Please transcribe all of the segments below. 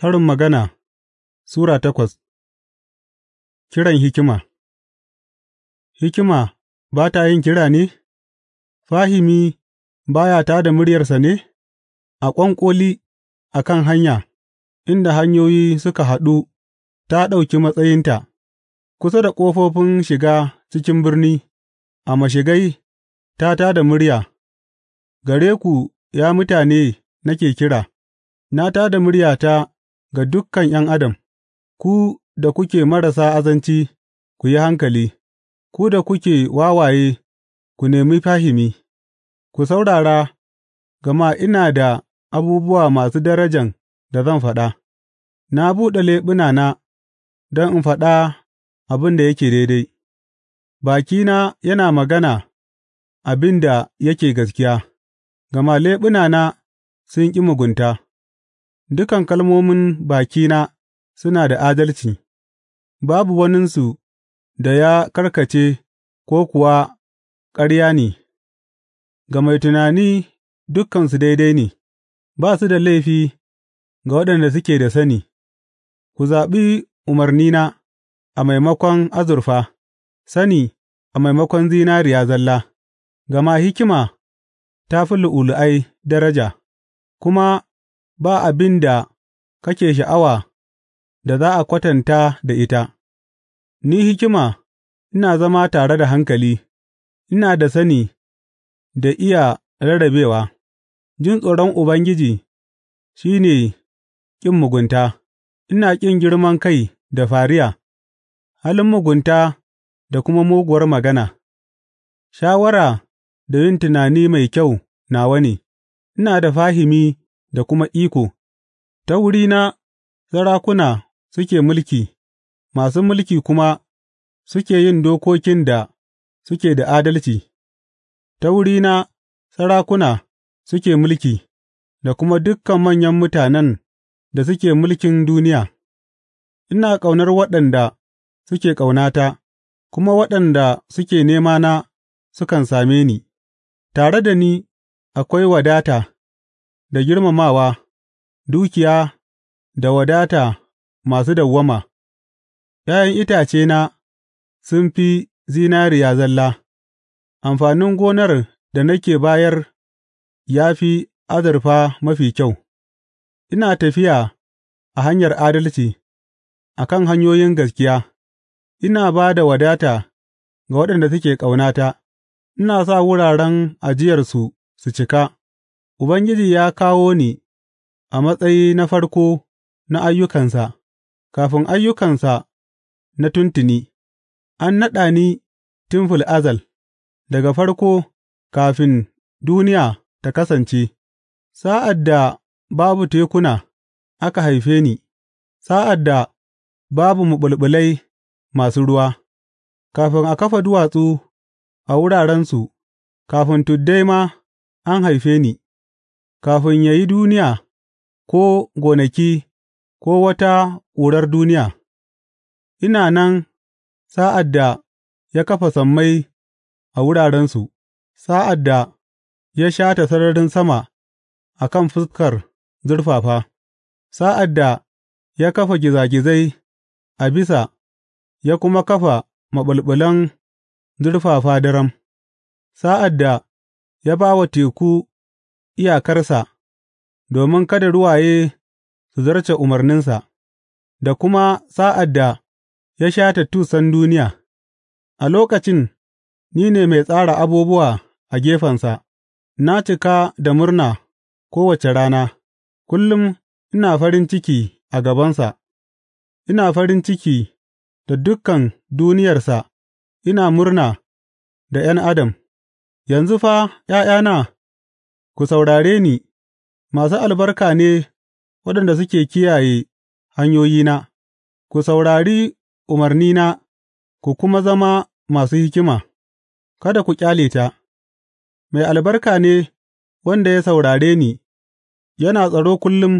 Karin Magana Sura takwas Kiran hikima Hikima ba ta yin kira ne, fahimi ba ya tā da muryarsa ne, a ƙwanƙoli a kan hanya, inda hanyoyi suka haɗu ta ɗauki matsayinta, kusa da ƙofofin shiga cikin birni, a mashigai ta tā da murya, gare ku, ya mutane, nake kira, na tā da muryata. Ga dukan ’yan adam, ku da kuke marasa azanci, ku yi hankali; ku da kuke wawaye, ku nemi fahimi; ku saurara, gama ina da abubuwa masu darajan da zan faɗa; na buɗe leɓunana don in faɗa abin da yake daidai, bakina yana magana abin da yake gaskiya, gama leɓunana sun ƙi mugunta. Dukan kalmomin bakina suna da adalci; babu waninsu da ya karkace ko kuwa ƙarya ne, ga mai tunani dukansu daidai ne, ba su da laifi ga waɗanda suke da sani, ku zaɓi umarnina a maimakon azurfa, sani a maimakon zinariya zalla, gama hikima ta fi lu'ulu'ai daraja, kuma ba abin da kake sha'awa da za a kwatanta da ita, ni hikima ina zama tare da hankali, ina da sani da iya rarrabewa, jin tsoron Ubangiji shi ne ƙin mugunta, ina ƙin girman kai da fariya, halin mugunta da kuma muguwar magana, shawara da yin tunani mai kyau nawa ne, ina da fahimi da kuma iko, ta wurina sarakuna suke mulki, masu mulki kuma suke yin dokokin da suke da adalci, ta wurina sarakuna suke mulki, da kuma dukan manyan mutanen da suke mulkin duniya, ina ƙaunar waɗanda suke ƙaunata, kuma waɗanda suke nemana sukan same ni, tare da ni akwai wadata. da girmamawa, dukiya da wadata masu dawwama, ’ya'yan itacena sun fi zinariya zalla, amfanin gonar da nake bayar ya fi azurfa mafi kyau, ina tafiya a hanyar adalci, a kan hanyoyin gaskiya, ina ba da wadata ga waɗanda suke ƙaunata, ina sa wuraren ajiyarsu su cika. Ubangiji ya kawo ni a matsayi na farko na ayyukansa; kafin ayyukansa na tuntuni, an naɗa ni tun azal, daga farko, kafin duniya ta kasance, sa'ad da babu tekuna, aka haife ni, sa'ad da babu maɓulɓulai masu ruwa, kafin a kafa duwatsu a wurarensu, kafin tuddai ma an haife ni. Kafin yă yi duniya, ko gonaki, ko wata ƙurar duniya, ina nan sa'ad da ya kafa sammai a wurarensu, sa'ad da ya shata sararin sama a kan fuskar zurfafa, sa'ad da ya kafa gizagizai a bisa ya kuma kafa maɓulɓulan zurfafa daram, sa'ad da ya ba wa teku iyakarsa, domin kada ruwaye su zarce umarninsa, da kuma sa'ad da ya shata tusan duniya, a lokacin ni ne mai tsara abubuwa a gefensa, na cika da murna kowace rana, kullum ina farin ciki a gabansa, ina farin ciki da dukan duniyarsa, ina murna da ’yan adam, yanzu fa, ’ya'yana. Ku saurare ni, masu albarka ne waɗanda suke kiyaye hanyoyina; ku saurari umarnina ku kuma zama masu hikima, kada ku ƙyale ta, Mai albarka ne wanda ya saurare ni, yana tsaro kullum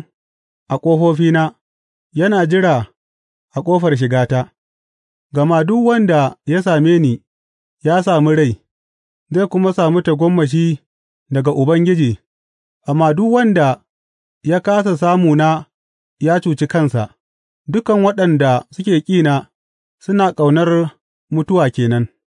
a ƙofofina, yana jira a ƙofar shigata, gama duk wanda ya same ni ya sami rai, zai kuma sami tagomashi. daga Ubangiji, amma duk wanda ya kāsa samuna ya cuci kansa; dukan waɗanda suke ƙina suna ƙaunar mutuwa ke nan.